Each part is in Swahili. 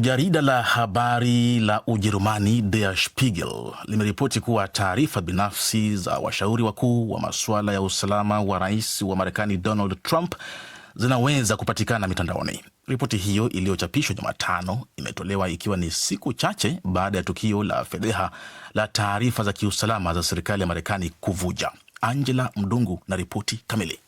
Jarida la habari la Ujerumani Der Spiegel limeripoti kuwa taarifa binafsi za washauri wakuu wa masuala ya usalama wa rais wa Marekani Donald Trump zinaweza kupatikana mitandaoni. Ripoti hiyo iliyochapishwa Jumatano imetolewa ikiwa ni siku chache baada ya tukio la fedheha la taarifa za kiusalama za serikali ya Marekani kuvuja. Angela Mdungu na ripoti kamili.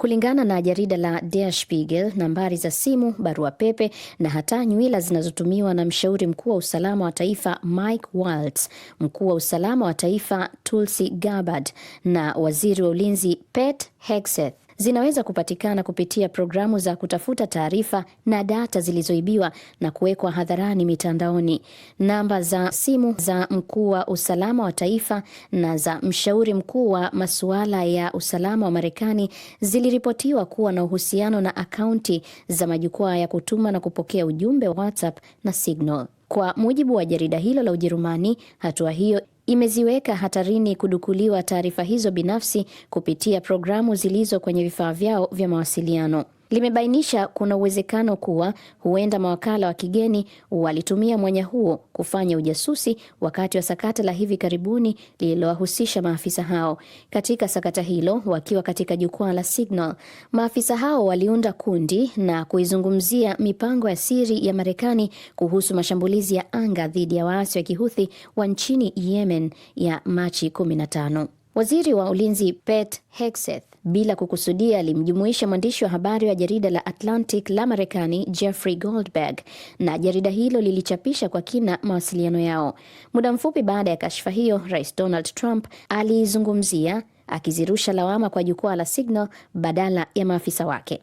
Kulingana na jarida la Der Spiegel, nambari za simu, barua pepe na hata nywila zinazotumiwa na mshauri mkuu wa usalama wa taifa Mike Waltz, mkuu wa usalama wa taifa Tulsi Gabbard na waziri wa ulinzi Pete Hegseth zinaweza kupatikana kupitia programu za kutafuta taarifa na data zilizoibiwa na kuwekwa hadharani mitandaoni. Namba za simu za mkuu wa usalama wa taifa na za mshauri mkuu wa masuala ya usalama wa Marekani ziliripotiwa kuwa na uhusiano na akaunti za majukwaa ya kutuma na kupokea ujumbe wa WhatsApp na Signal. Kwa mujibu wa jarida hilo la Ujerumani, hatua hiyo imeziweka hatarini kudukuliwa taarifa hizo binafsi kupitia programu zilizo kwenye vifaa vyao vya mawasiliano limebainisha kuna uwezekano kuwa huenda mawakala wa kigeni walitumia mwanya huo kufanya ujasusi wakati wa sakata la hivi karibuni lililowahusisha maafisa hao. Katika sakata hilo, wakiwa katika jukwaa la Signal, maafisa hao waliunda kundi na kuizungumzia mipango ya siri ya Marekani kuhusu mashambulizi ya anga dhidi ya waasi wa Kihuthi wa nchini Yemen ya Machi 15. Waziri wa Ulinzi Pete Hegseth bila kukusudia alimjumuisha mwandishi wa habari wa jarida la Atlantic la Marekani Jeffrey Goldberg, na jarida hilo lilichapisha kwa kina mawasiliano yao. Muda mfupi baada ya kashfa hiyo, Rais Donald Trump aliizungumzia akizirusha lawama kwa jukwaa la Signal badala ya maafisa wake.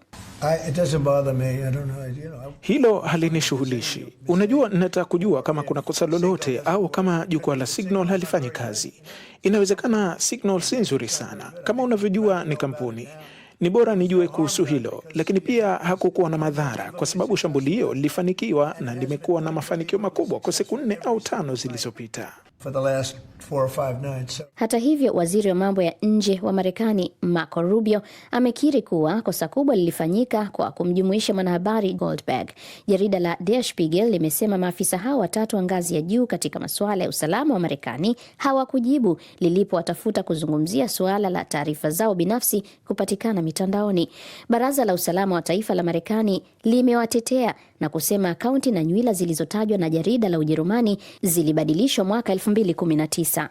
Hilo halinishughulishi. Unajua, nataka kujua kama kuna kosa lolote au kama jukwaa la Signal halifanyi kazi. Inawezekana Signal si nzuri sana, kama unavyojua ni kampuni ni bora nijue kuhusu hilo, lakini pia hakukuwa na madhara kwa sababu shambulio lilifanikiwa na limekuwa na mafanikio makubwa kwa siku nne au tano zilizopita. For the last four or five nights. Hata hivyo, waziri wa mambo ya nje wa Marekani Marco Rubio amekiri kuwa kosa kubwa lilifanyika kwa kumjumuisha mwanahabari Goldberg. Jarida la Der Spiegel limesema maafisa hao watatu wa ngazi ya juu katika masuala ya usalama wa Marekani hawakujibu lilipowatafuta kuzungumzia suala la taarifa zao binafsi kupatikana mitandaoni. Baraza la usalama wa taifa la Marekani limewatetea na kusema akaunti na nywila zilizotajwa na jarida la Ujerumani zilibadilishwa mwaka 2019.